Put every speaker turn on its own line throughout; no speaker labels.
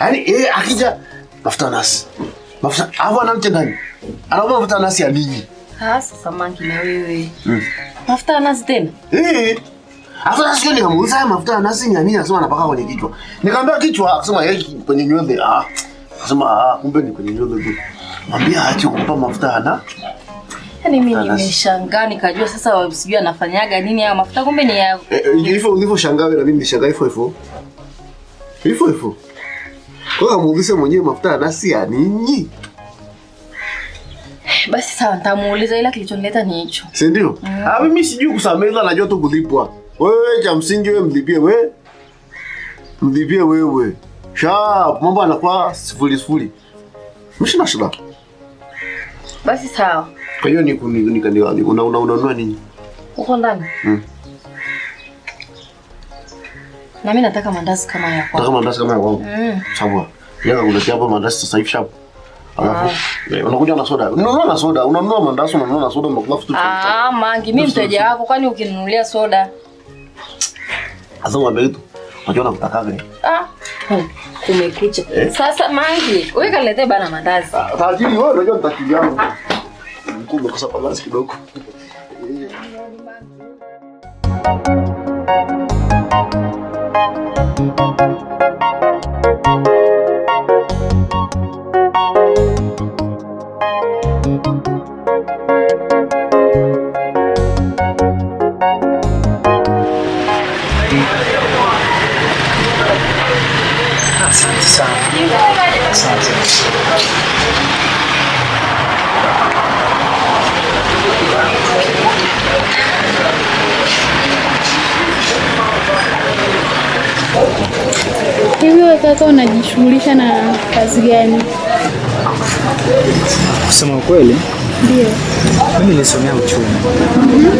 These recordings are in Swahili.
Yaani yeye akija mafuta nasi. Mafuta hapo anamtia ndani. Anaomba mafuta nasi ya nini?
Ah, sasa mangi na wewe. Mm. Mafuta nasi tena?
Eh. Afu Hapo sasa kama nikamuuliza mafuta nasi ni nini anasema anapaka kwenye kichwa. Nikamwambia kichwa akasema yeye kwenye nywele. Ah. Akasema ah, kumbe ni kwenye nywele tu. Mwambie aache kumpa mafuta ana.
Yaani mimi nimeshangaa nikajua sasa sijui anafanyaga nini haya mafuta kumbe ni yao.
Hivyo eh, eh, ulivyoshangaa na mimi nimeshangaa hivyo hivyo hivyo hivyo. Kwa hiyo muulize mwenyewe mafuta ya nasi ya nini?
Eh, basi sawa, nitamuuliza ila kilichonileta ni hicho.
Si ndio? Mm. Ah, mimi sijui kusamehe ila najua tu kulipwa. Wewe cha msingi wewe mlipie wewe. Mlipie wewe. Sharp, mambo yanakuwa sifuri sifuri. Mshina shida.
Basi sawa.
Kwa hiyo ni kununua nini?
Uko ndani? Mm. Na mimi nataka mandazi kama ya kwako. Nataka
mandazi kama ya kwako. Mm. Sawa. Yanga kuletea hapo mandazi sasa hivi shapu. Alafu ah. eh, unakuja na soda. Unanunua na soda. Unanunua mandazi, unanunua na soda mnakula futu.
Ah, ah, mangi mimi mteja wako kwani ukininunulia soda.
Sasa mwambie kitu. Unajua nakutakaga.
Ah. Hmm, kumekucha. Eh? Sasa mangi, wewe kalete bana mandazi. Ah,
tajiri wewe unajua nitakijana. kwa umekosa mandazi kidogo. Thank you. Eh.
Hivi wewe unajishughulisha na kazi gani?
Kusema kweli, ndio mimi nilisomea uchumi mm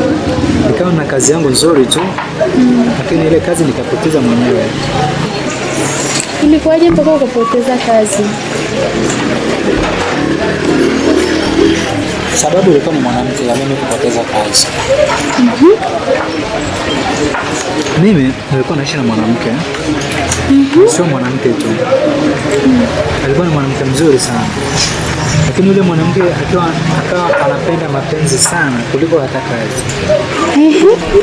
nikawa na kazi yangu nzuri tu mhm. lakini ile kazi nikapoteza mwenyewe.
Ilikuwaje mpaka ukapoteza kazi?
Sababu ilikuwa ni mwanamke, ya mimi kupoteza kazi mm -hmm. Mimi nilikuwa naishi na mwanamke mm -hmm. Sio mwanamke tu mm Alikuwa ni mwanamke mzuri sana, lakini yule mwanamke akawa anapenda mapenzi sana kuliko hata kazi mm -hmm.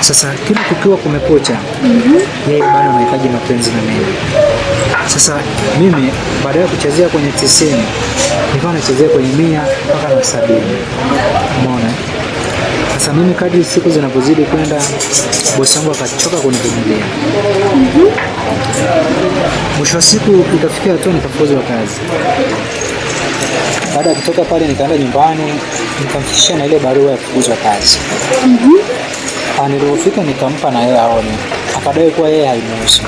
Sasa kila kukiwa kumekucha mm -hmm. Yeye bado anahitaji mapenzi na mimi. Sasa mimi baada ya kuchezea kwenye tisini nilikuwa nachezea kwenye mia mpaka na sabini. Umeona? Sasa mimi kadri siku zinavyozidi kwenda, bosi wangu akachoka kunivumilia. Mhm. Mwisho wa siku ikafikia hatua nikafukuzwa kazi. Baada ya kutoka pale, nikaenda nyumbani nikamfikishia na ile barua ya kufukuzwa kazi. Mhm. Nilipofika nikampa na yeye aone, akadai kuwa yeye haimuhusu.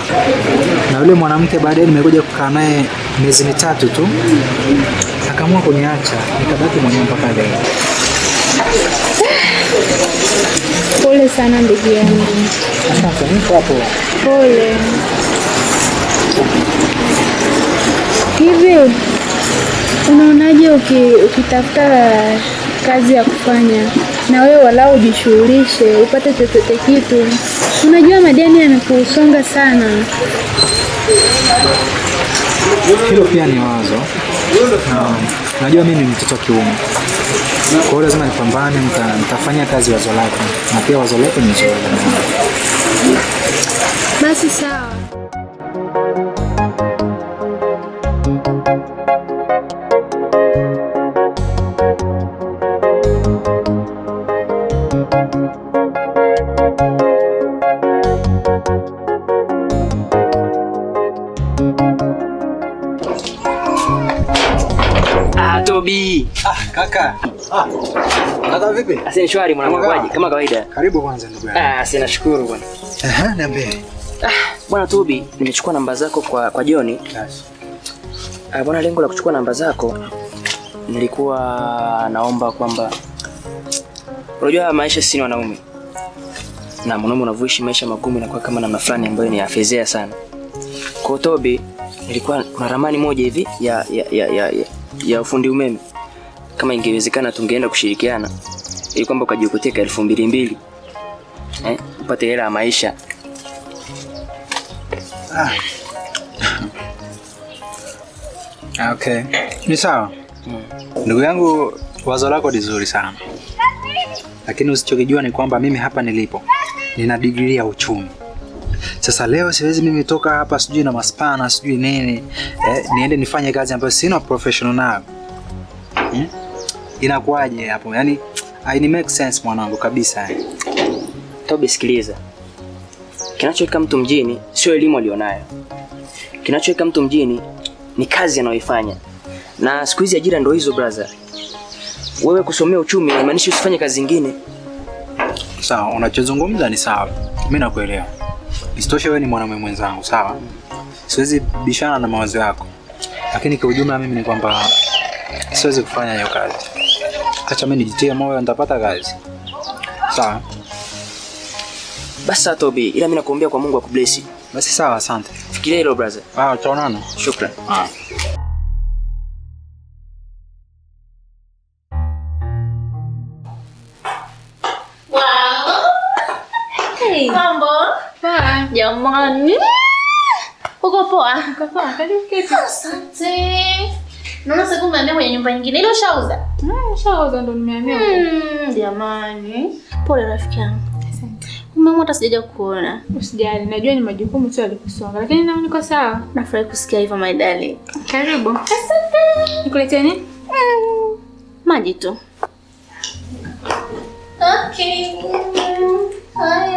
Na yule mwanamke baadaye nimekuja kukaa naye miezi mitatu tu, mhm. akaamua kuniacha, nikabaki mwenyewe mpaka leo.
Pole sana ndugu yangu.
Asante, niko hapo.
Pole. Hivi unaonaje ukitafuta kazi ya kufanya na wewe walau ujishughulishe upate chochote kitu. Unajua madeni yamekusonga sana.
Hilo pia ni wazo. Unajua mimi ni mtoto kiume kwa hiyo lazima nipambane, nitafanya kazi wazo lako, na pia wazo lako ni zuri.
Basi sawa.
Kaka. Ah. Kaka vipi?
Asante ah, shwari Kama kawaida.
Karibu kwanza ndugu yangu.
Ah, asante nashukuru bwana.
Aha, niambie.
Ah, bwana Tubi, nimechukua namba zako kwa kwa Joni. Yes. Ah, bwana lengo la kuchukua namba zako nilikuwa naomba kwamba unajua maisha sisi ni wanaume. Na mwanaume unavyoishi maisha magumu kama namna fulani ambayo ni afezea sana. Kwa Tobi, kuna ramani moja hivi ya ya ya ya, ya ufundi umeme kama ingewezekana tungeenda kushirikiana ili kwamba ukajikuteka elfu mbili mbili eh, upate hela ya maisha ah.
ah. Okay. Ni sawa mm. Ndugu yangu, wazo lako ni zuri sana, lakini usichokijua ni kwamba mimi hapa nilipo nina digrii ya uchumi. Sasa leo siwezi mimi toka hapa sijui na maspana sijui nini eh, niende nifanye kazi ambayo sina professional nayo eh? inakuwaje hapo? Yaani haini make sense mwanangu kabisa.
Tobi, sikiliza, kinachoweka mtu mjini sio elimu alionayo, kinachoweka mtu mjini ni kazi anayoifanya, na siku hizi ajira ndio hizo brother. Wewe kusomea uchumi haimaanishi usifanye kazi zingine.
Sawa, unachozungumza ni sawa, mimi nakuelewa. Isitoshe wewe ni mwanamume mwenzangu, sawa, siwezi bishana na mawazo yako, lakini kwa ujumla mimi ni kwamba siwezi kufanya hiyo kazi acha mimi nijitie moyo nitapata kazi. Sawa.
Basi sawa Tobi, ila mimi nakuombea kwa Mungu akubless.
Basi sawa, asante.
Fikiria hilo brother.
Ah, tutaonana. Shukrani. Ah.
Mambo? Poa. Ah, jamani. Uko poa?
Uko poa. Karibu keti.
Asante. Naona sasa kumbe mwenye nyumba nyingine ile ushauza?
Mm, nishaoza ndo hmm,
Jamani, pole rafiki yangu. Mama hata sijaja kuona.
Usijali, najua ni majukumu tu yalikusonga, lakini na niko sawa.
Nafurahi kusikia hivyo my darling.
Karibu. Asante. Nikuletea nini? Hmm,
maji tu. Okay. Hi.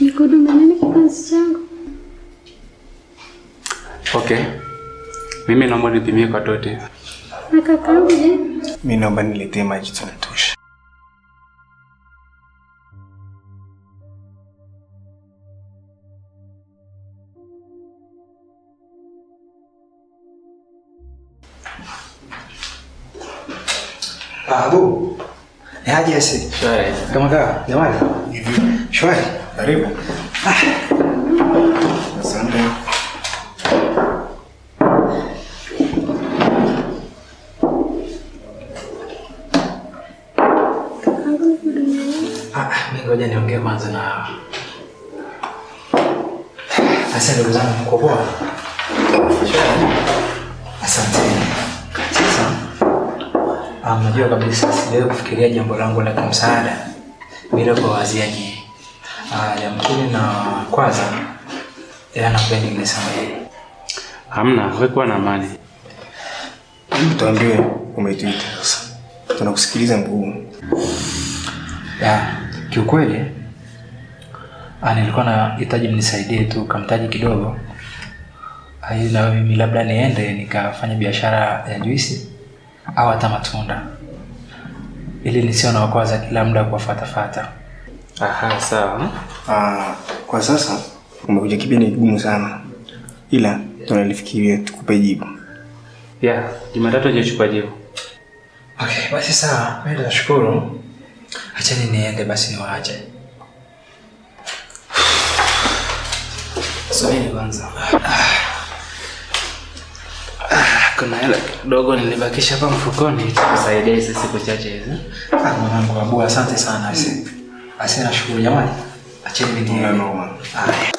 Nikudume nini kipenzi changu?
Okay. Mimi naomba nipimie kwa Na je? Mimi naomba niletee maji tunatosha. Babu. Ni aje sasa? Shwari. Kama jamani. Shwari.
Karibu. Asante.
Ah, ngoja niongee kwanza na ndugu zangu, mko poa? Asante. Sasa mnajua ah, kabisa sijawahi kufikiria jambo langu la kimsaada bila kuwawazia nyinyi. Ah, ya mkini na kwaza yanapenda ile sana.
Hamna, wewe na amani.
Tuambie umetuita sasa. Tunakusikiliza mguu. Ya, kiukweli ah, nilikuwa nahitaji mnisaidie tu kamtaji kidogo ai, ah, na mimi labda niende nikafanya biashara ya juisi au hata matunda, ili nisio na wakwaza kila muda kuwafatafata.
Aha, sawa.
Ah, kwa sasa umekuja kipindi kigumu sana, ila tunalifikiria tukupe jibu.
Yeah, Jumatatu hajachukua jibu.
Okay, basi sawa.
Mimi nashukuru.
Acha niende basi niwaache. Subiri kwanza.
Kuna hela kidogo nilibakisha hapa mfukoni, itakusaidia hizi siku chache hizi. Eh?
Ah, mwanangu, asante sana. Asina shukuru jamani. Acheni vitu.
Haya.